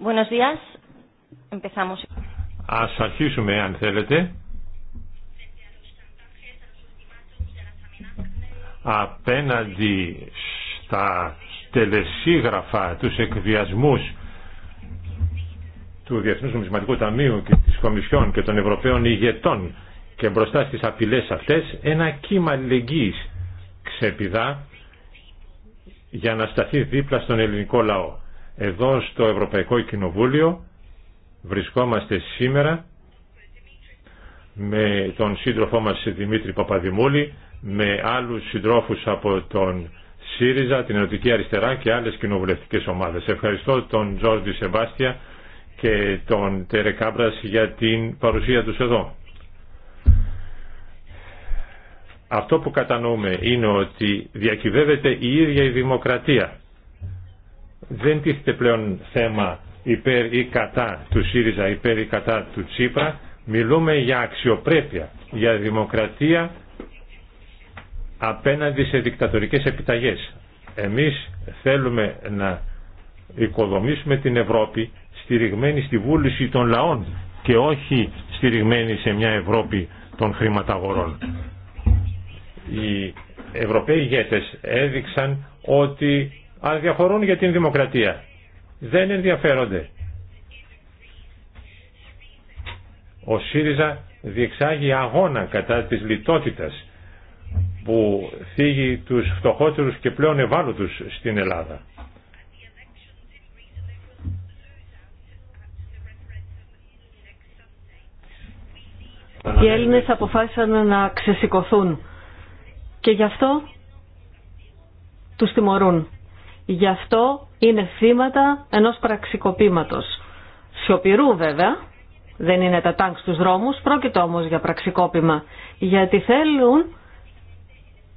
Buenos Ας αρχίσουμε αν θέλετε. Απέναντι στα τελεσίγραφα, τους εκβιασμούς του Διεθνούς Νομισματικού Ταμείου και της Κομισιόν και των Ευρωπαίων ηγετών και μπροστά στις απειλές αυτές ένα κύμα λεγγύης ξεπηδά για να σταθεί δίπλα στον ελληνικό λαό εδώ στο Ευρωπαϊκό Κοινοβούλιο βρισκόμαστε σήμερα με τον σύντροφό μας Δημήτρη Παπαδημούλη, με άλλους συντρόφους από τον ΣΥΡΙΖΑ, την Ενωτική Αριστερά και άλλες κοινοβουλευτικές ομάδες. Ευχαριστώ τον Τζόρντι Σεμπάστια και τον Τέρε Κάμπρας για την παρουσία τους εδώ. Αυτό που κατανοούμε είναι ότι διακυβεύεται η ίδια η δημοκρατία δεν τίθεται πλέον θέμα υπέρ ή κατά του ΣΥΡΙΖΑ, υπέρ ή κατά του Τσίπρα. Μιλούμε για αξιοπρέπεια, για δημοκρατία απέναντι σε δικτατορικές επιταγές. Εμείς θέλουμε να οικοδομήσουμε την Ευρώπη στηριγμένη στη βούληση των λαών και όχι στηριγμένη σε μια Ευρώπη των χρηματαγορών. Οι Ευρωπαίοι ηγέτες έδειξαν ότι αλλά για την δημοκρατία. Δεν ενδιαφέρονται. Ο ΣΥΡΙΖΑ διεξάγει αγώνα κατά της λιτότητας που θίγει τους φτωχότερους και πλέον ευάλωτους στην Ελλάδα. Οι Έλληνες αποφάσισαν να ξεσηκωθούν και γι' αυτό τους τιμωρούν γι' αυτό είναι θύματα ενός πραξικοπήματος. Σιωπηρού βέβαια, δεν είναι τα τάγκ στους δρόμους, πρόκειται όμως για πραξικόπημα. Γιατί θέλουν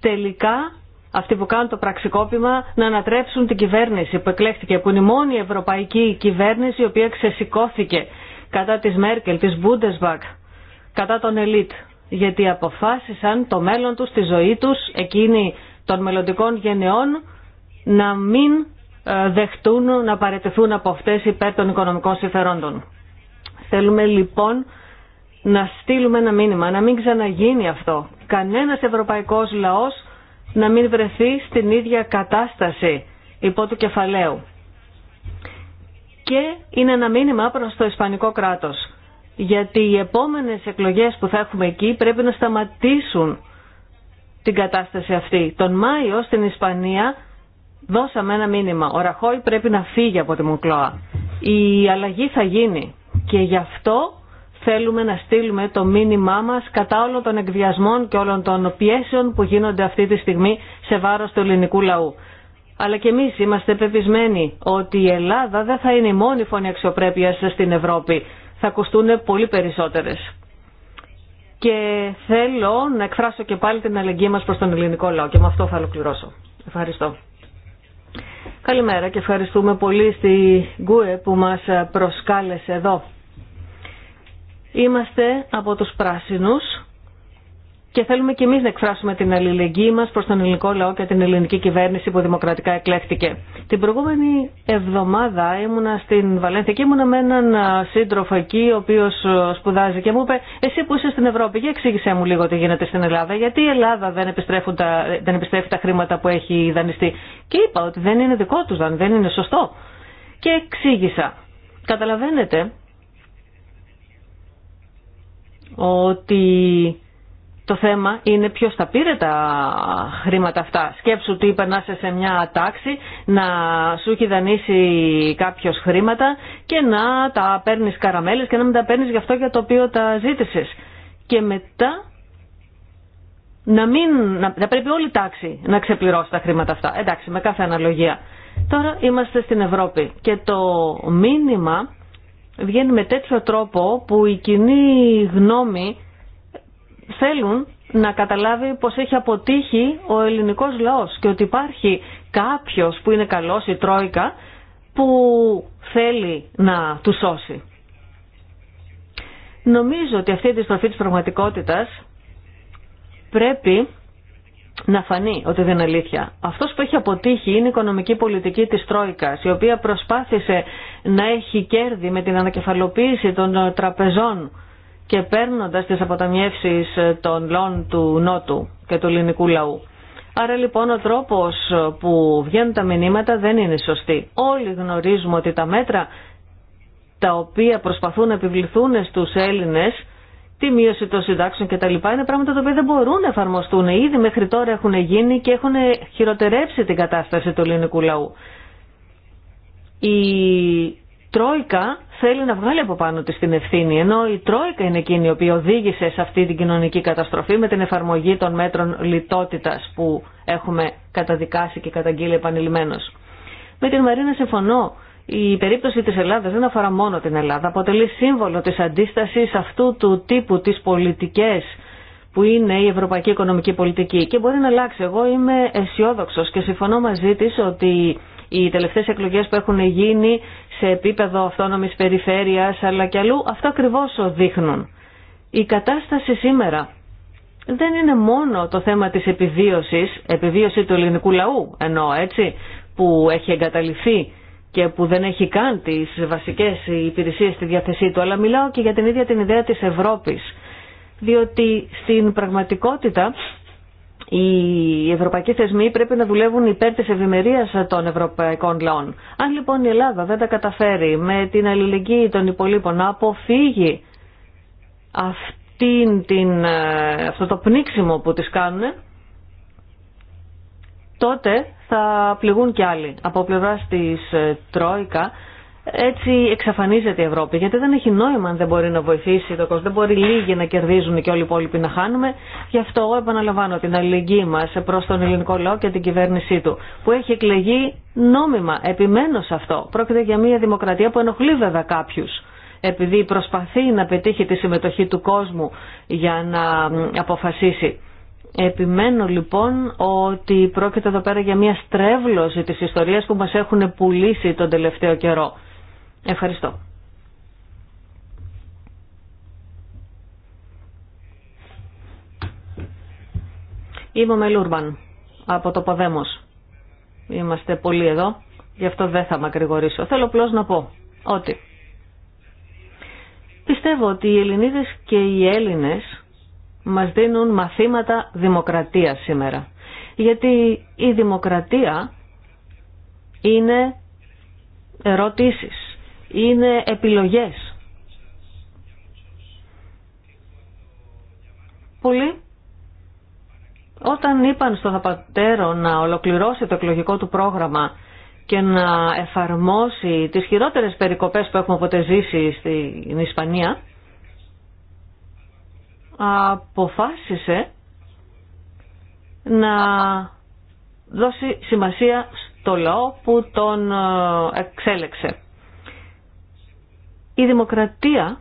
τελικά αυτοί που κάνουν το πραξικόπημα να ανατρέψουν την κυβέρνηση που εκλέχθηκε, που είναι η μόνη ευρωπαϊκή κυβέρνηση η οποία ξεσηκώθηκε κατά της Μέρκελ, της Bundesbank, κατά των ελίτ. Γιατί αποφάσισαν το μέλλον τους, τη ζωή τους, εκείνη των μελλοντικών γενεών, να μην ε, δεχτούν να παρετηθούν από αυτές υπέρ των οικονομικών συμφερόντων. Θέλουμε λοιπόν να στείλουμε ένα μήνυμα, να μην ξαναγίνει αυτό. Κανένας ευρωπαϊκός λαός να μην βρεθεί στην ίδια κατάσταση υπό του κεφαλαίου. Και είναι ένα μήνυμα προς το Ισπανικό κράτος. Γιατί οι επόμενες εκλογές που θα έχουμε εκεί πρέπει να σταματήσουν την κατάσταση αυτή. Τον Μάιο στην Ισπανία δώσαμε ένα μήνυμα. Ο Ραχώη πρέπει να φύγει από τη Μουκλώα. Η αλλαγή θα γίνει και γι' αυτό θέλουμε να στείλουμε το μήνυμά μας κατά όλων των εκβιασμών και όλων των πιέσεων που γίνονται αυτή τη στιγμή σε βάρος του ελληνικού λαού. Αλλά και εμείς είμαστε πεπισμένοι ότι η Ελλάδα δεν θα είναι η μόνη φωνή αξιοπρέπειας στην Ευρώπη. Θα ακουστούν πολύ περισσότερες. Και θέλω να εκφράσω και πάλι την αλληλεγγύη μας προς τον ελληνικό λαό και με αυτό θα ολοκληρώσω. Ευχαριστώ. Καλημέρα και ευχαριστούμε πολύ στη Γκουε που μας προσκάλεσε εδώ. Είμαστε από τους πράσινους και θέλουμε και εμεί να εκφράσουμε την αλληλεγγύη μα προ τον ελληνικό λαό και την ελληνική κυβέρνηση που δημοκρατικά εκλέχτηκε. Την προηγούμενη εβδομάδα ήμουνα στην Βαλένθια και ήμουνα με έναν σύντροφο εκεί, ο οποίο σπουδάζει και μου είπε «Εσύ που είσαι στην Ευρώπη, για εξήγησέ μου λίγο τι γίνεται στην Ελλάδα, γιατί η Ελλάδα δεν, επιστρέφουν τα, δεν επιστρέφει τα χρήματα που έχει δανειστεί». Και είπα ότι δεν είναι δικό του δαν, δεν είναι σωστό. Και εξήγησα. Καταλαβαίνετε ότι το θέμα είναι ποιο θα πήρε τα χρήματα αυτά. Σκέψου ότι είπε να είσαι σε μια τάξη, να σου έχει δανείσει κάποιο χρήματα και να τα παίρνει καραμέλες και να μην τα παίρνει για αυτό για το οποίο τα ζήτησε. Και μετά να μην. Να, πρέπει όλη η τάξη να ξεπληρώσει τα χρήματα αυτά. Εντάξει, με κάθε αναλογία. Τώρα είμαστε στην Ευρώπη και το μήνυμα βγαίνει με τέτοιο τρόπο που η κοινή γνώμη θέλουν να καταλάβει πως έχει αποτύχει ο ελληνικός λαός και ότι υπάρχει κάποιος που είναι καλός, η Τρόικα, που θέλει να του σώσει. Νομίζω ότι αυτή η αντιστροφή της πραγματικότητας πρέπει να φανεί ότι δεν είναι αλήθεια. Αυτός που έχει αποτύχει είναι η οικονομική πολιτική της Τρόικας, η οποία προσπάθησε να έχει κέρδη με την ανακεφαλοποίηση των τραπεζών και παίρνοντας τις αποταμιεύσεις ε, των λόν του Νότου και του ελληνικού λαού. Άρα λοιπόν ο τρόπος ε, που βγαίνουν τα μηνύματα δεν είναι σωστή. Όλοι γνωρίζουμε ότι τα μέτρα τα οποία προσπαθούν να επιβληθούν στους Έλληνες τη μείωση των συντάξεων κτλ. είναι πράγματα τα οποία δεν μπορούν να εφαρμοστούν. Ήδη μέχρι τώρα έχουν γίνει και έχουν χειροτερέψει την κατάσταση του ελληνικού λαού. Τρόικα θέλει να βγάλει από πάνω της την ευθύνη, ενώ η Τρόικα είναι εκείνη η οποία οδήγησε σε αυτή την κοινωνική καταστροφή με την εφαρμογή των μέτρων λιτότητας που έχουμε καταδικάσει και καταγγείλει επανειλημμένως. Με την Μαρίνα συμφωνώ. Η περίπτωση της Ελλάδας δεν αφορά μόνο την Ελλάδα. Αποτελεί σύμβολο της αντίστασης αυτού του τύπου της πολιτικές που είναι η ευρωπαϊκή οικονομική πολιτική και μπορεί να αλλάξει. Εγώ είμαι αισιόδοξο και συμφωνώ μαζί της ότι οι τελευταίες εκλογές που έχουν γίνει σε επίπεδο αυτόνομης περιφέρειας αλλά και αλλού, αυτό ακριβώς δείχνουν. Η κατάσταση σήμερα δεν είναι μόνο το θέμα της επιβίωσης, επιβίωση του ελληνικού λαού, ενώ έτσι, που έχει εγκαταληφθεί και που δεν έχει καν τις βασικές υπηρεσίες στη διάθεσή του, αλλά μιλάω και για την ίδια την ιδέα της Ευρώπης. Διότι στην πραγματικότητα οι ευρωπαϊκοί θεσμοί πρέπει να δουλεύουν υπέρ της ευημερία των ευρωπαϊκών λαών. Αν λοιπόν η Ελλάδα δεν τα καταφέρει με την αλληλεγγύη των υπολείπων να αποφύγει αυτήν την, ε, αυτό το πνίξιμο που τις κάνουν, τότε θα πληγούν και άλλοι. Από πλευρά της ε, Τρόικα έτσι εξαφανίζεται η Ευρώπη, γιατί δεν έχει νόημα αν δεν μπορεί να βοηθήσει το κόσμο. Δεν μπορεί λίγοι να κερδίζουν και όλοι οι υπόλοιποι να χάνουμε. Γι' αυτό επαναλαμβάνω την αλληλεγγύη μα προ τον ελληνικό λαό και την κυβέρνησή του, που έχει εκλεγεί νόμιμα. Επιμένω σε αυτό. Πρόκειται για μια δημοκρατία που ενοχλεί βέβαια κάποιου επειδή προσπαθεί να πετύχει τη συμμετοχή του κόσμου για να αποφασίσει. Επιμένω λοιπόν ότι πρόκειται εδώ πέρα για μια στρέβλωση της ιστορίας που μας έχουν πουλήσει τον τελευταίο καιρό. Ευχαριστώ. Είμαι ο Μελούρμπαν από το παδέμος Είμαστε πολλοί εδώ, γι' αυτό δεν θα μακρηγορήσω. Θέλω απλώ να πω ότι πιστεύω ότι οι Ελληνίδες και οι Έλληνες μας δίνουν μαθήματα δημοκρατίας σήμερα. Γιατί η δημοκρατία είναι ερωτήσεις είναι επιλογές. πολύ; όταν είπαν στον Θαπατέρο να ολοκληρώσει το εκλογικό του πρόγραμμα και να εφαρμόσει τις χειρότερες περικοπές που έχουμε ποτέ ζήσει στην Ισπανία, αποφάσισε να δώσει σημασία στο λαό που τον ε, εξέλεξε η δημοκρατία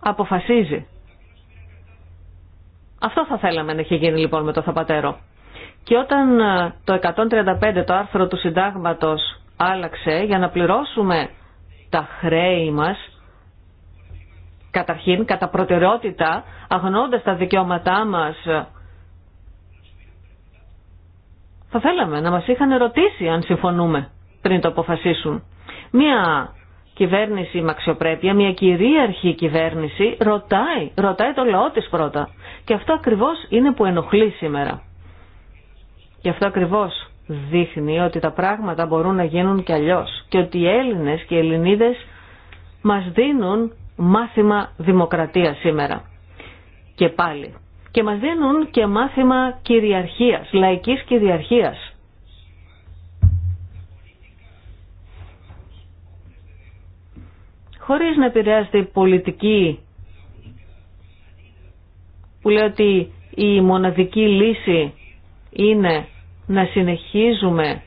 αποφασίζει. Αυτό θα θέλαμε να έχει γίνει λοιπόν με το Θαπατέρο. Και όταν ε, το 135 το άρθρο του συντάγματος άλλαξε για να πληρώσουμε τα χρέη μας, καταρχήν, κατά προτεραιότητα, αγνώντας τα δικαιώματά μας, ε, θα θέλαμε να μας είχαν ρωτήσει αν συμφωνούμε πριν το αποφασίσουν. Μία κυβέρνηση με αξιοπρέπεια, μια κυρίαρχη κυβέρνηση ρωτάει, ρωτάει το λαό της πρώτα. Και αυτό ακριβώς είναι που ενοχλεί σήμερα. Και αυτό ακριβώς δείχνει ότι τα πράγματα μπορούν να γίνουν και αλλιώς και ότι οι Έλληνες και οι Ελληνίδες μας δίνουν μάθημα δημοκρατία σήμερα. Και πάλι. Και μας δίνουν και μάθημα κυριαρχίας, λαϊκής κυριαρχίας. χωρίς να επηρεάζεται η πολιτική που λέει ότι η μοναδική λύση είναι να συνεχίζουμε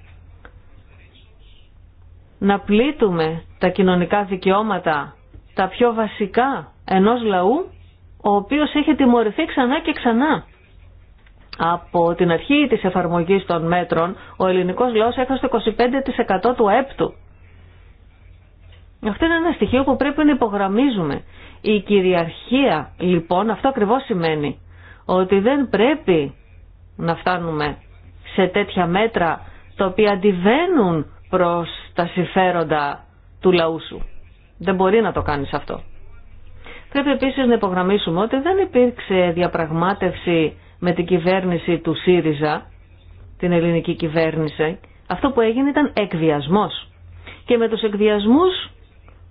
να πλήττουμε τα κοινωνικά δικαιώματα, τα πιο βασικά ενός λαού, ο οποίος έχει τιμωρηθεί ξανά και ξανά. Από την αρχή της εφαρμογής των μέτρων, ο ελληνικός λαός έχασε το 25% του έπτου. Αυτό είναι ένα στοιχείο που πρέπει να υπογραμμίζουμε. Η κυριαρχία λοιπόν αυτό ακριβώς σημαίνει ότι δεν πρέπει να φτάνουμε σε τέτοια μέτρα τα οποία αντιβαίνουν προς τα συμφέροντα του λαού σου. Δεν μπορεί να το κάνεις αυτό. Πρέπει επίσης να υπογραμμίσουμε ότι δεν υπήρξε διαπραγμάτευση με την κυβέρνηση του ΣΥΡΙΖΑ, την ελληνική κυβέρνηση. Αυτό που έγινε ήταν εκβιασμός. Και με τους εκβιασμούς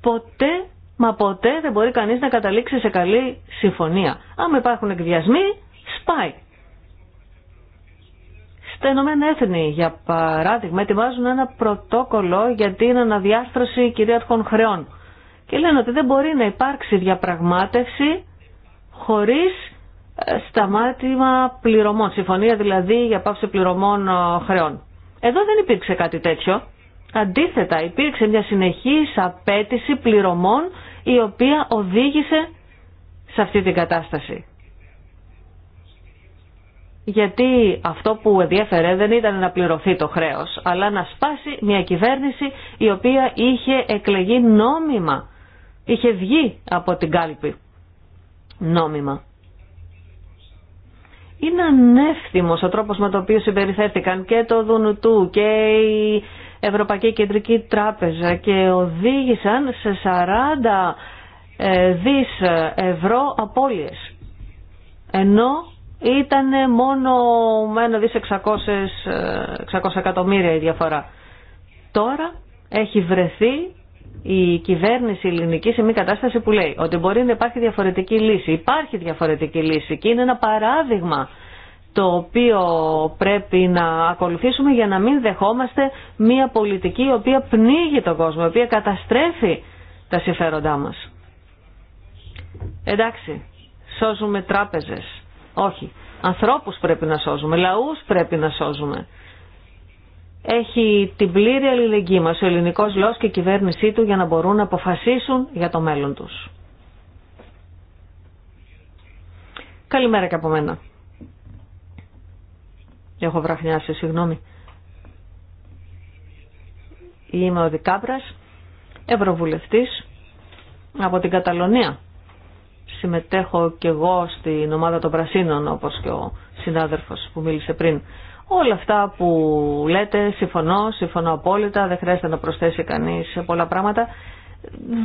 ποτέ μα ποτέ δεν μπορεί κανείς να καταλήξει σε καλή συμφωνία. Άμα υπάρχουν εκβιασμοί, σπάει. Στα Ηνωμένα Έθνη, για παράδειγμα, ετοιμάζουν ένα πρωτόκολλο για την αναδιάστρωση κυρίαρχων χρεών. Και λένε ότι δεν μπορεί να υπάρξει διαπραγμάτευση χωρίς ε, σταμάτημα πληρωμών. Συμφωνία δηλαδή για πάυση πληρωμών ε, χρεών. Εδώ δεν υπήρξε κάτι τέτοιο. Αντίθετα, υπήρξε μια συνεχής απέτηση πληρωμών η οποία οδήγησε σε αυτή την κατάσταση. Γιατί αυτό που ενδιαφέρε δεν ήταν να πληρωθεί το χρέος, αλλά να σπάσει μια κυβέρνηση η οποία είχε εκλεγεί νόμιμα, είχε βγει από την κάλπη νόμιμα. Είναι ανεύθυμος ο τρόπος με τον οποίο συμπεριφέρθηκαν και το Δουνουτού και η Ευρωπαϊκή Κεντρική Τράπεζα και οδήγησαν σε 40 ε, δις ε, ευρώ απώλειες. Ενώ ήταν μόνο με ένα δις 600, 600 ε, εκατομμύρια η διαφορά. Τώρα έχει βρεθεί η κυβέρνηση ελληνική σε μια κατάσταση που λέει ότι μπορεί να υπάρχει διαφορετική λύση. Υπάρχει διαφορετική λύση και είναι ένα παράδειγμα το οποίο πρέπει να ακολουθήσουμε για να μην δεχόμαστε μια πολιτική η οποία πνίγει τον κόσμο, η οποία καταστρέφει τα συμφέροντά μας. Εντάξει, σώζουμε τράπεζες. Όχι. Ανθρώπους πρέπει να σώζουμε, λαούς πρέπει να σώζουμε. Έχει την πλήρη αλληλεγγύη μας ο ελληνικός λαός και η κυβέρνησή του για να μπορούν να αποφασίσουν για το μέλλον τους. Καλημέρα και από μένα. Έχω βραχνιάσει, συγγνώμη. Είμαι ο Δικάπρας, ευρωβουλευτής από την Καταλωνία. Συμμετέχω και εγώ στην ομάδα των Πρασίνων, όπως και ο συνάδελφος που μίλησε πριν. Όλα αυτά που λέτε, συμφωνώ, συμφωνώ απόλυτα, δεν χρειάζεται να προσθέσει κανείς σε πολλά πράγματα.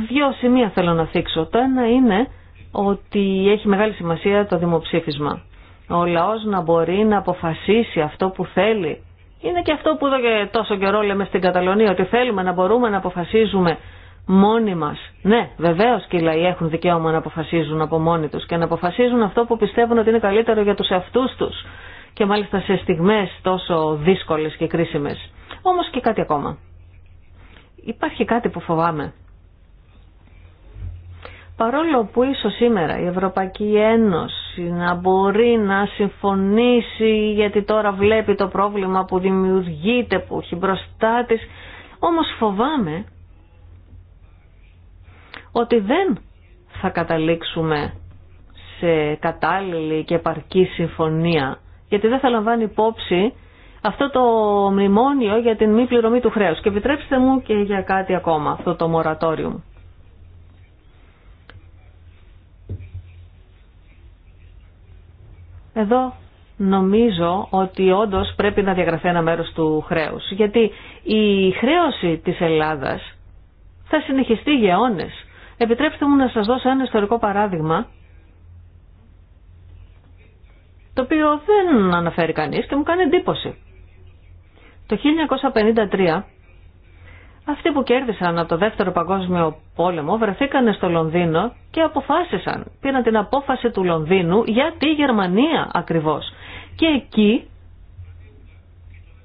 Δύο σημεία θέλω να θίξω. Το ένα είναι ότι έχει μεγάλη σημασία το δημοψήφισμα ο λαός να μπορεί να αποφασίσει αυτό που θέλει. Είναι και αυτό που εδώ και τόσο καιρό λέμε στην Καταλωνία, ότι θέλουμε να μπορούμε να αποφασίζουμε μόνοι μας. Ναι, βεβαίως και οι λαοί έχουν δικαίωμα να αποφασίζουν από μόνοι τους και να αποφασίζουν αυτό που πιστεύουν ότι είναι καλύτερο για τους εαυτούς τους και μάλιστα σε στιγμές τόσο δύσκολες και κρίσιμες. Όμως και κάτι ακόμα. Υπάρχει κάτι που φοβάμαι. Παρόλο που ίσως σήμερα η Ευρωπαϊκή Ένωση να μπορεί να συμφωνήσει γιατί τώρα βλέπει το πρόβλημα που δημιουργείται, που έχει μπροστά της, όμως φοβάμαι ότι δεν θα καταλήξουμε σε κατάλληλη και επαρκή συμφωνία, γιατί δεν θα λαμβάνει υπόψη αυτό το μνημόνιο για την μη πληρωμή του χρέους. Και επιτρέψτε μου και για κάτι ακόμα, αυτό το μορατόριο Εδώ νομίζω ότι όντως πρέπει να διαγραφεί ένα μέρος του χρέους. Γιατί η χρέωση της Ελλάδας θα συνεχιστεί για αιώνες. Επιτρέψτε μου να σας δώσω ένα ιστορικό παράδειγμα το οποίο δεν αναφέρει κανείς και μου κάνει εντύπωση. Το 1953 αυτοί που κέρδισαν από το δεύτερο παγκόσμιο πόλεμο βρεθήκαν στο Λονδίνο και αποφάσισαν, πήραν την απόφαση του Λονδίνου για τη Γερμανία ακριβώς. Και εκεί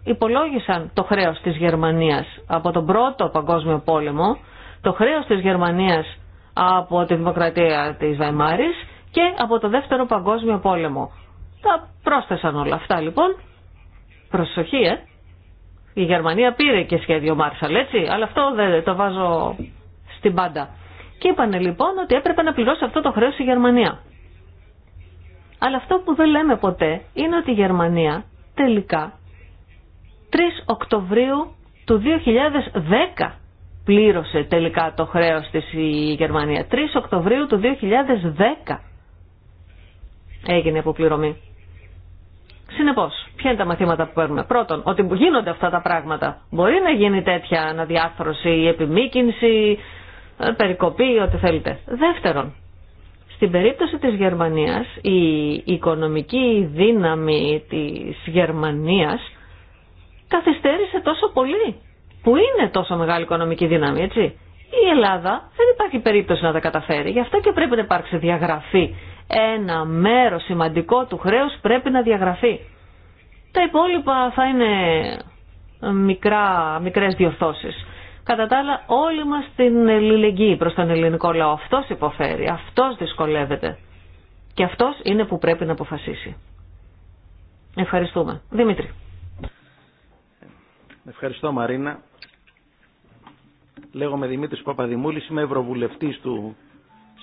υπολόγισαν το χρέος της Γερμανίας από τον πρώτο παγκόσμιο πόλεμο, το χρέος της Γερμανίας από τη δημοκρατία της Βαϊμάρης και από το δεύτερο παγκόσμιο πόλεμο. Τα πρόσθεσαν όλα αυτά λοιπόν. Προσοχή, ε! Η Γερμανία πήρε και σχέδιο Μάρσαλ, έτσι, αλλά αυτό δεν το βάζω στην πάντα. Και είπανε λοιπόν ότι έπρεπε να πληρώσει αυτό το χρέος η Γερμανία. Αλλά αυτό που δεν λέμε ποτέ είναι ότι η Γερμανία τελικά 3 Οκτωβρίου του 2010 πλήρωσε τελικά το χρέος της η Γερμανία. 3 Οκτωβρίου του 2010 έγινε αποπληρωμή. Συνεπώ, ποια είναι τα μαθήματα που παίρνουμε. Πρώτον, ότι γίνονται αυτά τα πράγματα. Μπορεί να γίνει τέτοια αναδιάρθρωση, επιμήκυνση, ε, περικοπή, ό,τι θέλετε. Δεύτερον, στην περίπτωση της Γερμανίας, η οικονομική δύναμη της Γερμανίας καθυστέρησε τόσο πολύ, που είναι τόσο μεγάλη οικονομική δύναμη, έτσι. Η Ελλάδα δεν υπάρχει περίπτωση να τα καταφέρει, γι' αυτό και πρέπει να υπάρξει διαγραφή ένα μέρος σημαντικό του χρέους πρέπει να διαγραφεί. Τα υπόλοιπα θα είναι μικρά, μικρές διορθώσεις. Κατά τα άλλα όλοι μας την ελληνική προς τον ελληνικό λαό. Αυτός υποφέρει, αυτός δυσκολεύεται. Και αυτός είναι που πρέπει να αποφασίσει. Ευχαριστούμε. Δημήτρη. Ευχαριστώ Μαρίνα. Λέγομαι Δημήτρης Παπαδημούλης, είμαι Ευρωβουλευτής του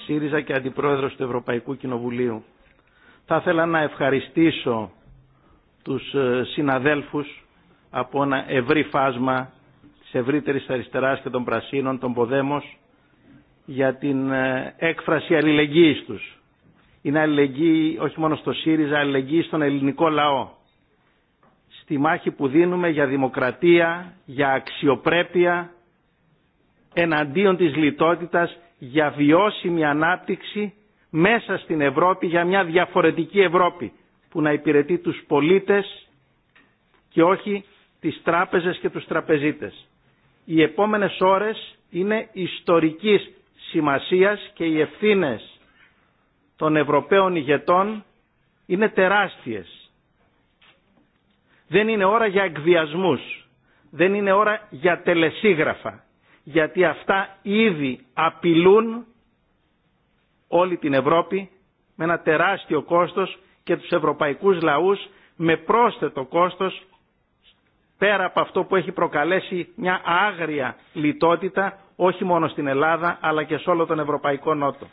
ΣΥΡΙΖΑ και Αντιπρόεδρος του Ευρωπαϊκού Κοινοβουλίου. Θα ήθελα να ευχαριστήσω τους ε, συναδέλφους από ένα ευρύ φάσμα της ευρύτερης αριστεράς και των πρασίνων, των Ποδέμος, για την ε, έκφραση αλληλεγγύης τους. Είναι αλληλεγγύη όχι μόνο στο ΣΥΡΙΖΑ, αλληλεγγύη στον ελληνικό λαό. Στη μάχη που δίνουμε για δημοκρατία, για αξιοπρέπεια, εναντίον της λιτότητας για βιώσιμη ανάπτυξη μέσα στην Ευρώπη, για μια διαφορετική Ευρώπη που να υπηρετεί τους πολίτες και όχι τις τράπεζες και τους τραπεζίτες. Οι επόμενες ώρες είναι ιστορικής σημασίας και οι ευθύνες των Ευρωπαίων ηγετών είναι τεράστιες. Δεν είναι ώρα για εκβιασμούς, δεν είναι ώρα για τελεσίγραφα, γιατί αυτά ήδη απειλούν όλη την Ευρώπη με ένα τεράστιο κόστος και τους ευρωπαϊκούς λαούς με πρόσθετο κόστος πέρα από αυτό που έχει προκαλέσει μια άγρια λιτότητα όχι μόνο στην Ελλάδα αλλά και σε όλο τον Ευρωπαϊκό Νότο.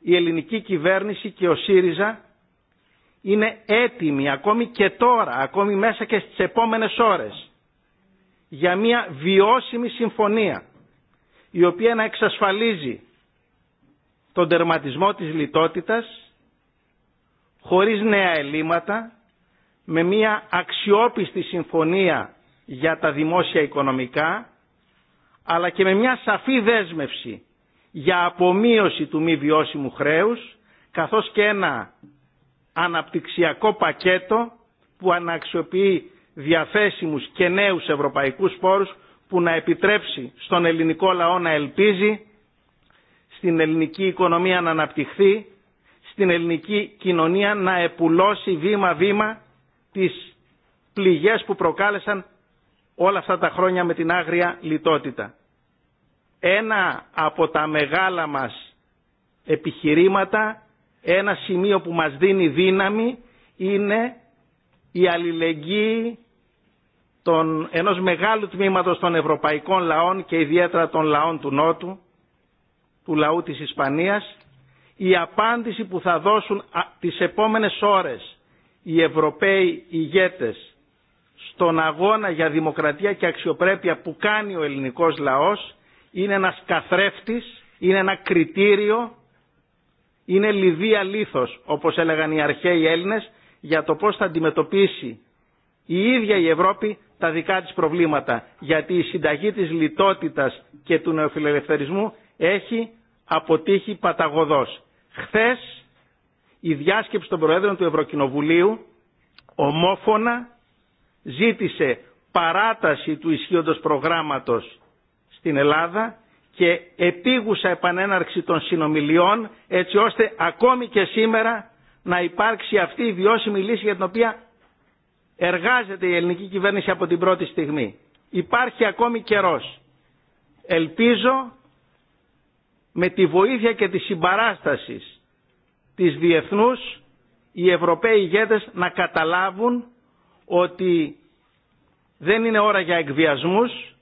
Η ελληνική κυβέρνηση και ο ΣΥΡΙΖΑ είναι έτοιμοι ακόμη και τώρα, ακόμη μέσα και στις επόμενες ώρες για μια βιώσιμη συμφωνία η οποία να εξασφαλίζει τον τερματισμό της λιτότητας χωρίς νέα ελλείμματα με μια αξιόπιστη συμφωνία για τα δημόσια οικονομικά αλλά και με μια σαφή δέσμευση για απομείωση του μη βιώσιμου χρέους καθώς και ένα αναπτυξιακό πακέτο που αναξιοποιεί διαθέσιμους και νέους ευρωπαϊκούς πόρους που να επιτρέψει στον ελληνικό λαό να ελπίζει, στην ελληνική οικονομία να αναπτυχθεί, στην ελληνική κοινωνία να επουλώσει βήμα-βήμα τις πληγές που προκάλεσαν όλα αυτά τα χρόνια με την άγρια λιτότητα. Ένα από τα μεγάλα μας επιχειρήματα, ένα σημείο που μας δίνει δύναμη είναι η αλληλεγγύη των, ενός μεγάλου τμήματος των ευρωπαϊκών λαών και ιδιαίτερα των λαών του Νότου, του λαού της Ισπανίας, η απάντηση που θα δώσουν τις επόμενες ώρες οι Ευρωπαίοι ηγέτες στον αγώνα για δημοκρατία και αξιοπρέπεια που κάνει ο ελληνικός λαός είναι ένας καθρέφτης, είναι ένα κριτήριο, είναι λιδία λίθος όπως έλεγαν οι αρχαίοι Έλληνες για το πώς θα αντιμετωπίσει η ίδια η Ευρώπη τα δικά της προβλήματα. Γιατί η συνταγή της λιτότητας και του νεοφιλελευθερισμού έχει αποτύχει παταγωδός. Χθες η διάσκεψη των Προέδρων του Ευρωκοινοβουλίου ομόφωνα ζήτησε παράταση του ισχύοντος προγράμματος στην Ελλάδα και επίγουσα επανέναρξη των συνομιλιών έτσι ώστε ακόμη και σήμερα να υπάρξει αυτή η βιώσιμη λύση για την οποία εργάζεται η ελληνική κυβέρνηση από την πρώτη στιγμή. Υπάρχει ακόμη καιρός. Ελπίζω με τη βοήθεια και τη συμπαράσταση της διεθνούς οι Ευρωπαίοι ηγέτες να καταλάβουν ότι δεν είναι ώρα για εκβιασμούς,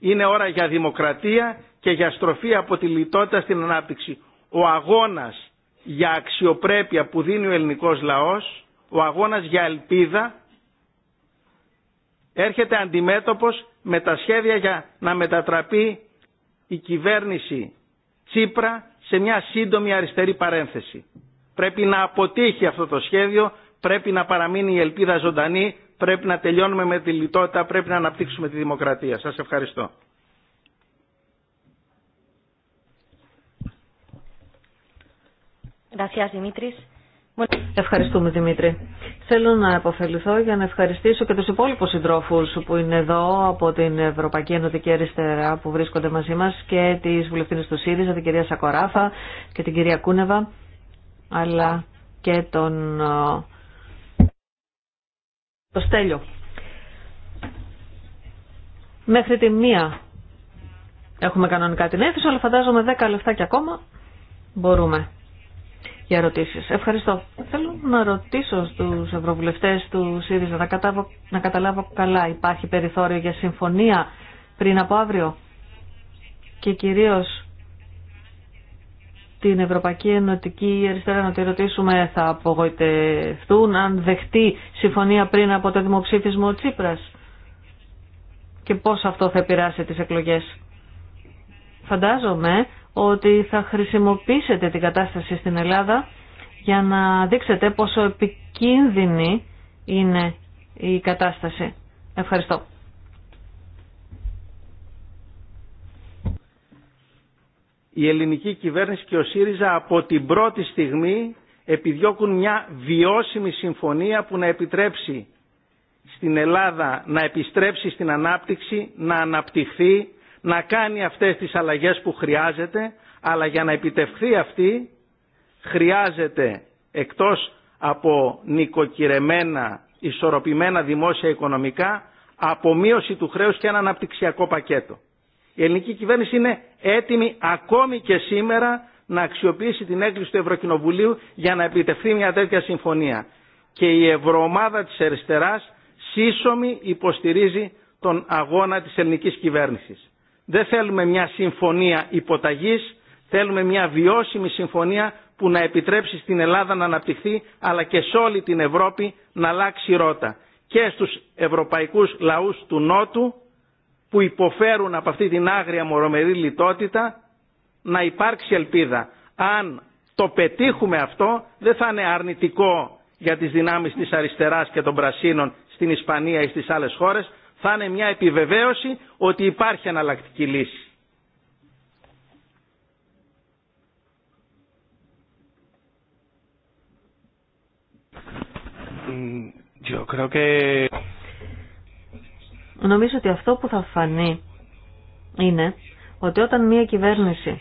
είναι ώρα για δημοκρατία και για στροφή από τη λιτότητα στην ανάπτυξη. Ο αγώνας για αξιοπρέπεια που δίνει ο ελληνικός λαός, ο αγώνας για ελπίδα, έρχεται αντιμέτωπος με τα σχέδια για να μετατραπεί η κυβέρνηση Τσίπρα σε μια σύντομη αριστερή παρένθεση. Πρέπει να αποτύχει αυτό το σχέδιο, πρέπει να παραμείνει η ελπίδα ζωντανή, πρέπει να τελειώνουμε με τη λιτότητα, πρέπει να αναπτύξουμε τη δημοκρατία. Σας ευχαριστώ. Ευχαριστούμε Δημήτρη. Θέλω να αποφεληθώ για να ευχαριστήσω και τους υπόλοιπους συντροφού που είναι εδώ από την Ευρωπαϊκή Ενωτική Αριστερά που βρίσκονται μαζί μας και τις βουλευτίνες του ΣΥΡΙΖΑ, την κυρία Σακοράφα και την κυρία Κούνεβα αλλά και τον ε, το Στέλιο. Μέχρι τη μία έχουμε κανονικά την αίθουσα αλλά φαντάζομαι 10 λεφτά και ακόμα μπορούμε για ερωτήσεις. Ευχαριστώ. Θέλω να ρωτήσω στους ευρωβουλευτές του ΣΥΡΙΖΑ να, να καταλάβω καλά. Υπάρχει περιθώριο για συμφωνία πριν από αύριο και κυρίως την Ευρωπαϊκή Ενωτική Αριστερά να τη ρωτήσουμε θα απογοητευτούν αν δεχτεί συμφωνία πριν από το δημοψήφισμα ο Τσίπρας και πώς αυτό θα επηρεάσει τις εκλογές. Φαντάζομαι ότι θα χρησιμοποιήσετε την κατάσταση στην Ελλάδα για να δείξετε πόσο επικίνδυνη είναι η κατάσταση. Ευχαριστώ. Η ελληνική κυβέρνηση και ο ΣΥΡΙΖΑ από την πρώτη στιγμή επιδιώκουν μια βιώσιμη συμφωνία που να επιτρέψει στην Ελλάδα να επιστρέψει στην ανάπτυξη, να αναπτυχθεί, να κάνει αυτές τις αλλαγές που χρειάζεται, αλλά για να επιτευχθεί αυτή χρειάζεται εκτός από νοικοκυρεμένα, ισορροπημένα δημόσια οικονομικά, απομείωση του χρέους και ένα αναπτυξιακό πακέτο. Η ελληνική κυβέρνηση είναι έτοιμη ακόμη και σήμερα να αξιοποιήσει την έκκληση του Ευρωκοινοβουλίου για να επιτευχθεί μια τέτοια συμφωνία. Και η Ευρωομάδα της Αριστεράς σύσσωμη υποστηρίζει τον αγώνα της ελληνικής κυβέρνησης. Δεν θέλουμε μια συμφωνία υποταγής, θέλουμε μια βιώσιμη συμφωνία που να επιτρέψει στην Ελλάδα να αναπτυχθεί αλλά και σε όλη την Ευρώπη να αλλάξει ρότα. Και στους ευρωπαϊκούς λαούς του Νότου που υποφέρουν από αυτή την άγρια μορομερή λιτότητα να υπάρξει ελπίδα. Αν το πετύχουμε αυτό δεν θα είναι αρνητικό για τις δυνάμεις της αριστεράς και των πρασίνων στην Ισπανία ή στις άλλες χώρες θα είναι μια επιβεβαίωση ότι υπάρχει αναλλακτική λύση. Νομίζω ότι αυτό που θα φανεί είναι ότι όταν μια κυβέρνηση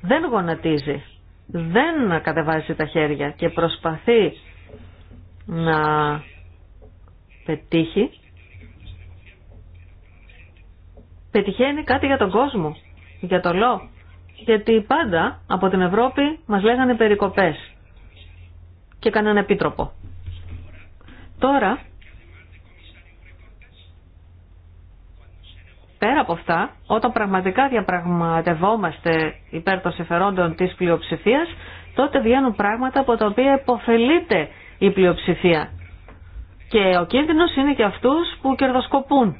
δεν γονατίζει, δεν κατεβάζει τα χέρια και προσπαθεί να πετύχει, πετυχαίνει κάτι για τον κόσμο, για το λό. Γιατί πάντα από την Ευρώπη μας λέγανε περικοπές και κανέναν επίτροπο. Τώρα, πέρα από αυτά, όταν πραγματικά διαπραγματευόμαστε υπέρ των συμφερόντων της πλειοψηφίας, τότε βγαίνουν πράγματα από τα οποία υποφελείται η πλειοψηφία. Και ο κίνδυνος είναι και αυτούς που κερδοσκοπούν.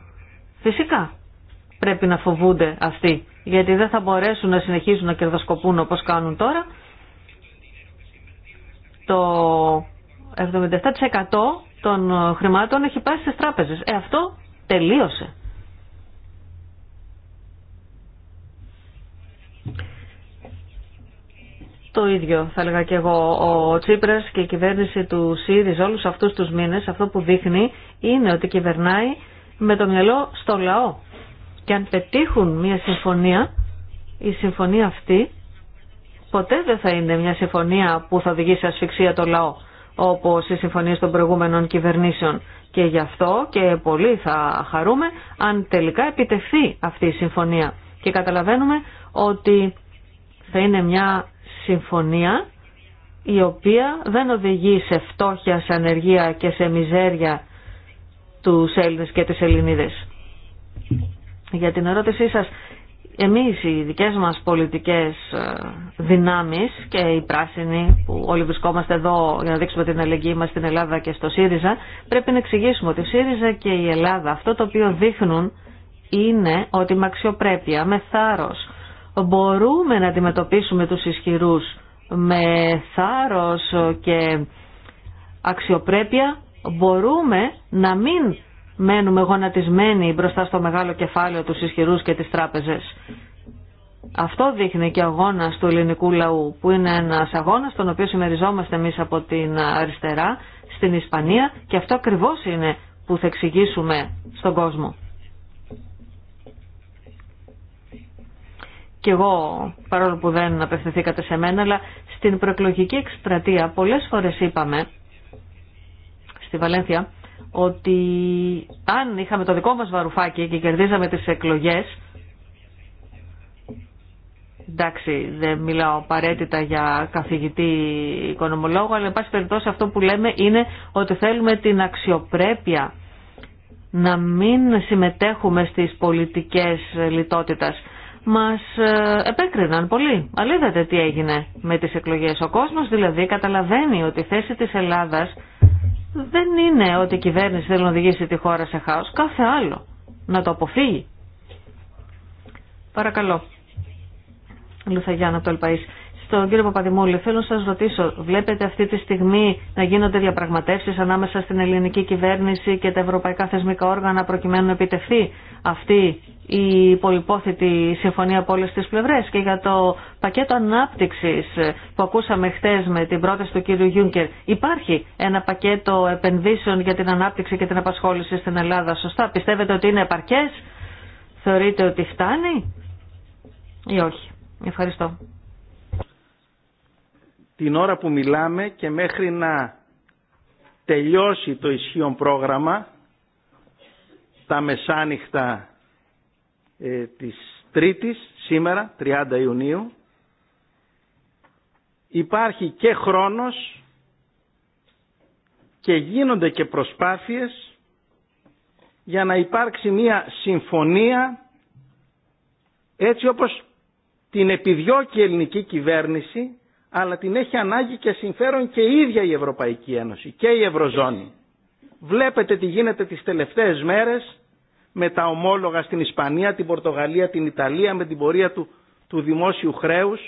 Φυσικά πρέπει να φοβούνται αυτοί, γιατί δεν θα μπορέσουν να συνεχίσουν να κερδοσκοπούν όπως κάνουν τώρα. Το 77% των χρημάτων έχει πάει στις τράπεζες. Ε, αυτό τελείωσε. Το ίδιο θα έλεγα και εγώ. Ο Τσίπρας και η κυβέρνηση του ΣΥΡΙΖ όλους αυτούς τους μήνες αυτό που δείχνει είναι ότι κυβερνάει με το μυαλό στο λαό. Και αν πετύχουν μια συμφωνία, η συμφωνία αυτή ποτέ δεν θα είναι μια συμφωνία που θα οδηγήσει σε ασφυξία το λαό όπως οι συμφωνίες των προηγούμενων κυβερνήσεων. Και γι' αυτό και πολύ θα χαρούμε αν τελικά επιτευχθεί αυτή η συμφωνία. Και καταλαβαίνουμε ότι θα είναι μια συμφωνία η οποία δεν οδηγεί σε φτώχεια, σε ανεργία και σε μιζέρια τους Έλληνες και τις Ελληνίδες. Για την ερώτησή σας, εμείς οι δικές μας πολιτικές ε, δυνάμεις και οι πράσινοι που όλοι βρισκόμαστε εδώ για να δείξουμε την αλληλεγγύη μας στην Ελλάδα και στο ΣΥΡΙΖΑ πρέπει να εξηγήσουμε ότι η ΣΥΡΙΖΑ και η Ελλάδα αυτό το οποίο δείχνουν είναι ότι με αξιοπρέπεια, με θάρρος, μπορούμε να αντιμετωπίσουμε τους ισχυρούς με θάρρος και αξιοπρέπεια, μπορούμε να μην μένουμε γονατισμένοι μπροστά στο μεγάλο κεφάλαιο τους ισχυρούς και τις τράπεζες. Αυτό δείχνει και ο αγώνας του ελληνικού λαού, που είναι ένας αγώνας τον οποίο συμμεριζόμαστε εμείς από την αριστερά στην Ισπανία και αυτό ακριβώς είναι που θα εξηγήσουμε στον κόσμο. και εγώ παρόλο που δεν απευθυνθήκατε σε μένα, αλλά στην προεκλογική εκστρατεία πολλές φορές είπαμε στη Βαλένθια ότι αν είχαμε το δικό μας βαρουφάκι και κερδίζαμε τις εκλογές εντάξει δεν μιλάω απαραίτητα για καθηγητή οικονομολόγο αλλά εν πάση περιπτώσει αυτό που λέμε είναι ότι θέλουμε την αξιοπρέπεια να μην συμμετέχουμε στις πολιτικές λιτότητας μας ε, επέκριναν πολύ. Αλλά τι έγινε με τις εκλογές. Ο κόσμος δηλαδή καταλαβαίνει ότι η θέση της Ελλάδας δεν είναι ότι η κυβέρνηση θέλει να οδηγήσει τη χώρα σε χάος. Κάθε άλλο. Να το αποφύγει. Παρακαλώ. Λουθαγιάννα από το Ελπαΐς. Στον κύριο Παπαδημούλη, θέλω να σα ρωτήσω, βλέπετε αυτή τη στιγμή να γίνονται διαπραγματεύσει ανάμεσα στην ελληνική κυβέρνηση και τα ευρωπαϊκά θεσμικά όργανα προκειμένου να επιτευχθεί αυτή η πολυπόθητη συμφωνία από όλε τι πλευρέ. και για το πακέτο ανάπτυξη που ακούσαμε χθε με την πρόταση του κύριου Γιούνκερ. Υπάρχει ένα πακέτο επενδύσεων για την ανάπτυξη και την απασχόληση στην Ελλάδα, σωστά. Πιστεύετε ότι είναι επαρκέ. θεωρείτε ότι φτάνει ή όχι. Ευχαριστώ την ώρα που μιλάμε και μέχρι να τελειώσει το ισχύον πρόγραμμα τα μεσάνυχτα ε, της Τρίτης, σήμερα, 30 Ιουνίου, υπάρχει και χρόνος και γίνονται και προσπάθειες για να υπάρξει μία συμφωνία έτσι όπως την επιδιώκει η ελληνική κυβέρνηση αλλά την έχει ανάγκη και συμφέρον και η ίδια η Ευρωπαϊκή Ένωση και η Ευρωζώνη. Βλέπετε τι γίνεται τις τελευταίες μέρες με τα ομόλογα στην Ισπανία, την Πορτογαλία, την Ιταλία, με την πορεία του, δημόσιου χρέους.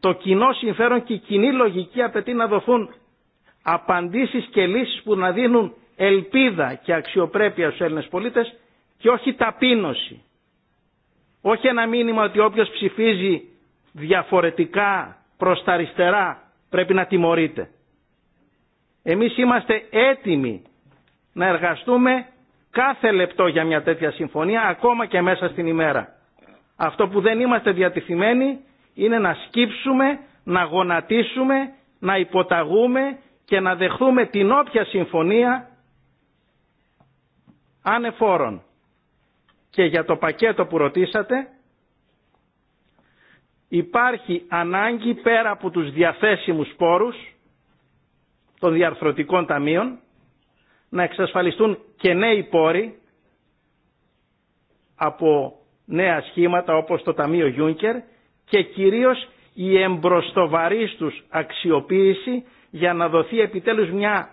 Το κοινό συμφέρον και η κοινή λογική απαιτεί να δοθούν απαντήσεις και λύσεις που να δίνουν ελπίδα και αξιοπρέπεια στους Έλληνες πολίτες και όχι ταπείνωση. Όχι ένα μήνυμα ότι όποιος ψηφίζει διαφορετικά προς τα αριστερά πρέπει να τιμωρείτε. Εμείς είμαστε έτοιμοι να εργαστούμε κάθε λεπτό για μια τέτοια συμφωνία, ακόμα και μέσα στην ημέρα. Αυτό που δεν είμαστε διατηθειμένοι είναι να σκύψουμε, να γονατίσουμε, να υποταγούμε και να δεχθούμε την όποια συμφωνία ανεφόρων. Και για το πακέτο που ρωτήσατε, υπάρχει ανάγκη πέρα από τους διαθέσιμους πόρους των διαρθρωτικών ταμείων να εξασφαλιστούν και νέοι πόροι από νέα σχήματα όπως το Ταμείο Γιούνκερ και κυρίως η εμπροστοβαριστούς αξιοποίηση για να δοθεί επιτέλους μια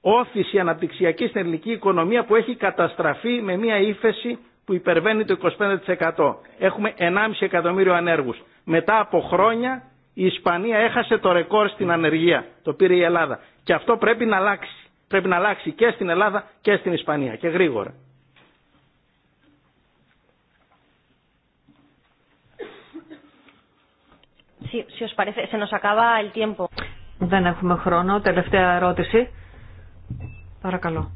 όθηση αναπτυξιακή στην ελληνική οικονομία που έχει καταστραφεί με μια ύφεση που υπερβαίνει το 25%. Έχουμε 1,5 εκατομμύριο ανέργους. Μετά από χρόνια η Ισπανία έχασε το ρεκόρ στην ανεργία. Το πήρε η Ελλάδα. Και αυτό πρέπει να αλλάξει. Πρέπει να αλλάξει και στην Ελλάδα και στην Ισπανία. Και γρήγορα. Δεν έχουμε χρόνο. Τελευταία ερώτηση. Παρακαλώ.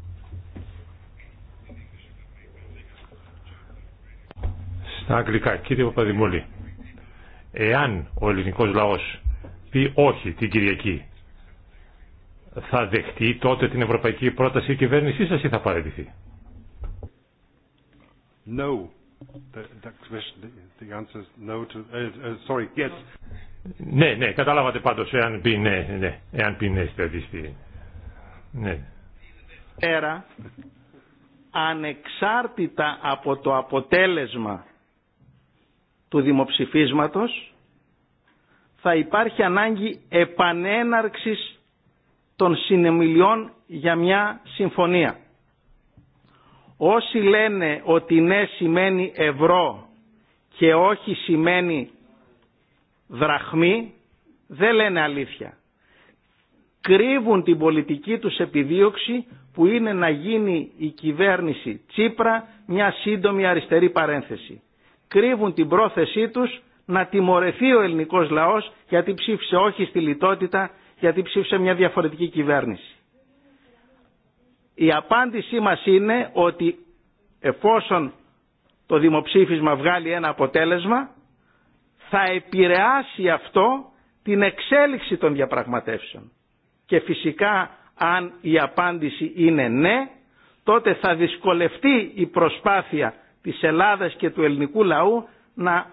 στα αγγλικά. Κύριε Παπαδημούλη, εάν ο ελληνικός λαός πει όχι την Κυριακή, θα δεχτεί τότε την ευρωπαϊκή πρόταση η κυβέρνησή σας ή θα παραιτηθεί. No. The, the answer is no to, uh, uh, sorry, yes. Ναι, ναι, καταλάβατε πάντως εάν πει ναι, ναι, εάν πει ναι στη Ναι. Πέρα, ανεξάρτητα από το αποτέλεσμα του δημοψηφίσματος θα υπάρχει ανάγκη επανέναρξης των συνεμιλιών για μια συμφωνία. Όσοι λένε ότι ναι σημαίνει ευρώ και όχι σημαίνει δραχμή, δεν λένε αλήθεια. Κρύβουν την πολιτική τους επιδίωξη που είναι να γίνει η κυβέρνηση Τσίπρα μια σύντομη αριστερή παρένθεση κρύβουν την πρόθεσή τους να τιμωρεθεί ο ελληνικός λαός γιατί ψήφισε όχι στη λιτότητα, γιατί ψήφισε μια διαφορετική κυβέρνηση. Η απάντησή μας είναι ότι εφόσον το δημοψήφισμα βγάλει ένα αποτέλεσμα, θα επηρεάσει αυτό την εξέλιξη των διαπραγματεύσεων. Και φυσικά αν η απάντηση είναι ναι, τότε θα δυσκολευτεί η προσπάθεια της Ελλάδας και του ελληνικού λαού να,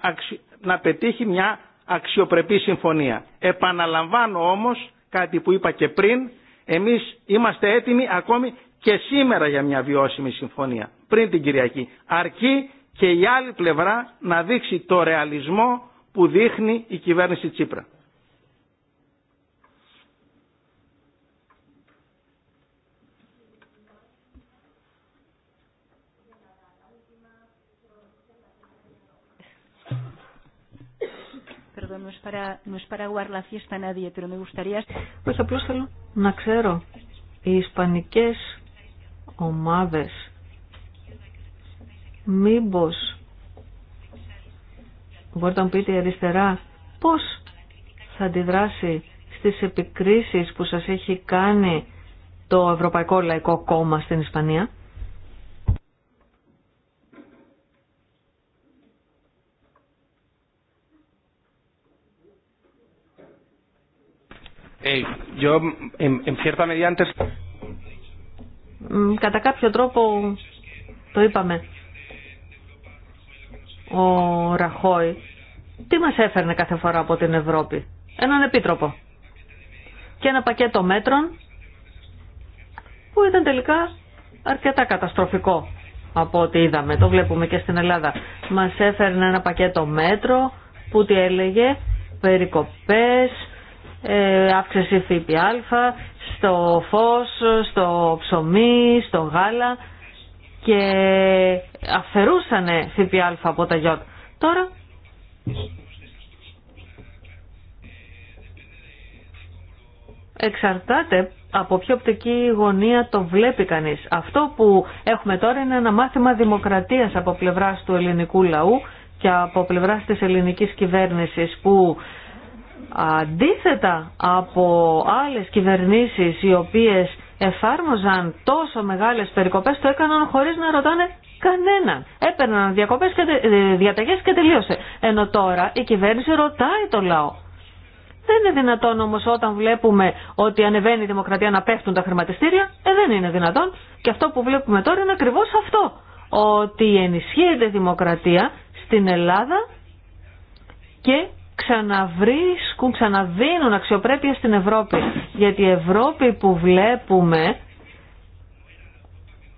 να πετύχει μια αξιοπρεπή συμφωνία. Επαναλαμβάνω όμως κάτι που είπα και πριν, εμείς είμαστε έτοιμοι ακόμη και σήμερα για μια βιώσιμη συμφωνία, πριν την Κυριακή. Αρκεί και η άλλη πλευρά να δείξει το ρεαλισμό που δείχνει η κυβέρνηση Τσίπρα. Όχι, απλώς θέλω να ξέρω, οι ισπανικές ομάδες μήπως μπορείτε να μου πείτε αριστερά πώς θα αντιδράσει στις επικρίσεις που σας έχει κάνει το Ευρωπαϊκό Λαϊκό Κόμμα στην Ισπανία. Κατά κάποιο τρόπο το είπαμε. Ο Ραχόη τι μας έφερνε κάθε φορά από την Ευρώπη. Έναν επίτροπο. Και ένα πακέτο μέτρων που ήταν τελικά αρκετά καταστροφικό από ό,τι είδαμε. Το βλέπουμε και στην Ελλάδα. Μας έφερνε ένα πακέτο μέτρο που τι έλεγε περικοπές, ε, αύξηση ΦΠΑ, στο φως, στο ψωμί, στο γάλα και αφαιρούσανε ΦΠΑ από τα γιότ. Τώρα εξαρτάται από ποια οπτική γωνία το βλέπει κανείς. Αυτό που έχουμε τώρα είναι ένα μάθημα δημοκρατίας από πλευράς του ελληνικού λαού και από πλευράς της ελληνικής κυβέρνησης που αντίθετα από άλλες κυβερνήσεις οι οποίες εφάρμοζαν τόσο μεγάλες περικοπές το έκαναν χωρίς να ρωτάνε κανέναν. Έπαιρναν διακοπές και, ε, διαταγές και τελείωσε. Ενώ τώρα η κυβέρνηση ρωτάει το λαό. Δεν είναι δυνατόν όμως όταν βλέπουμε ότι ανεβαίνει η δημοκρατία να πέφτουν τα χρηματιστήρια. Ε, δεν είναι δυνατόν. Και αυτό που βλέπουμε τώρα είναι ακριβώς αυτό. Ότι ενισχύεται η δημοκρατία στην Ελλάδα και ξαναβρίσκουν, ξαναδίνουν αξιοπρέπεια στην Ευρώπη. Γιατί η Ευρώπη που βλέπουμε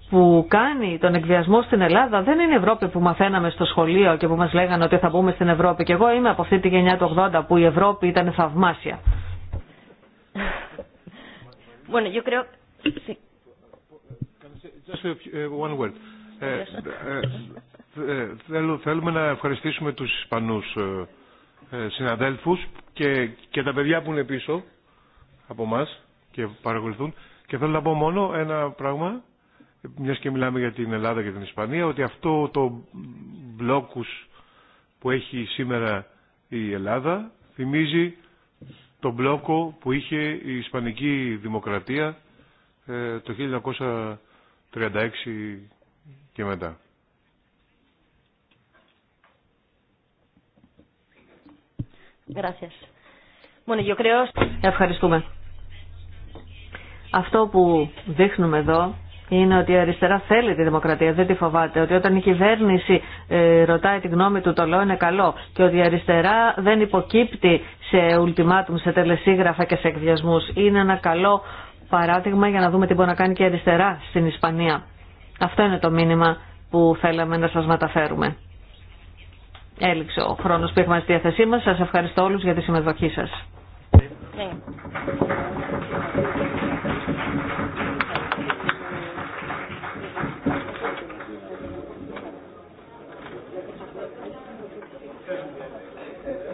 που κάνει τον εκβιασμό στην Ελλάδα δεν είναι η Ευρώπη που μαθαίναμε στο σχολείο και που μας λέγανε ότι θα μπούμε στην Ευρώπη. Και εγώ είμαι από αυτή τη γενιά του 80 που η Ευρώπη ήταν θαυμάσια. Θέλουμε να ευχαριστήσουμε τους Ισπανούς uh, ε, συναδέλφους και, και τα παιδιά που είναι πίσω από εμά και παρακολουθούν. Και θέλω να πω μόνο ένα πράγμα, μια και μιλάμε για την Ελλάδα και την Ισπανία, ότι αυτό το μπλόκους που έχει σήμερα η Ελλάδα θυμίζει τον μπλόκο που είχε η Ισπανική Δημοκρατία ε, το 1936 και μετά. Gracias. Bueno, yo creo... Ευχαριστούμε. Αυτό που δείχνουμε εδώ είναι ότι η αριστερά θέλει τη δημοκρατία, δεν τη φοβάται. Ότι όταν η κυβέρνηση ε, ρωτάει τη γνώμη του το λέω είναι καλό. Και ότι η αριστερά δεν υποκύπτει σε ουλτιμάτουμ, σε τελεσίγραφα και σε εκβιασμούς. Είναι ένα καλό παράδειγμα για να δούμε τι μπορεί να κάνει και η αριστερά στην Ισπανία. Αυτό είναι το μήνυμα που θέλαμε να σας μεταφέρουμε. Έληξε ο χρόνος που έχουμε στη διάθεσή μας. Σας ευχαριστώ όλους για τη συμμετοχή σας. Ναι.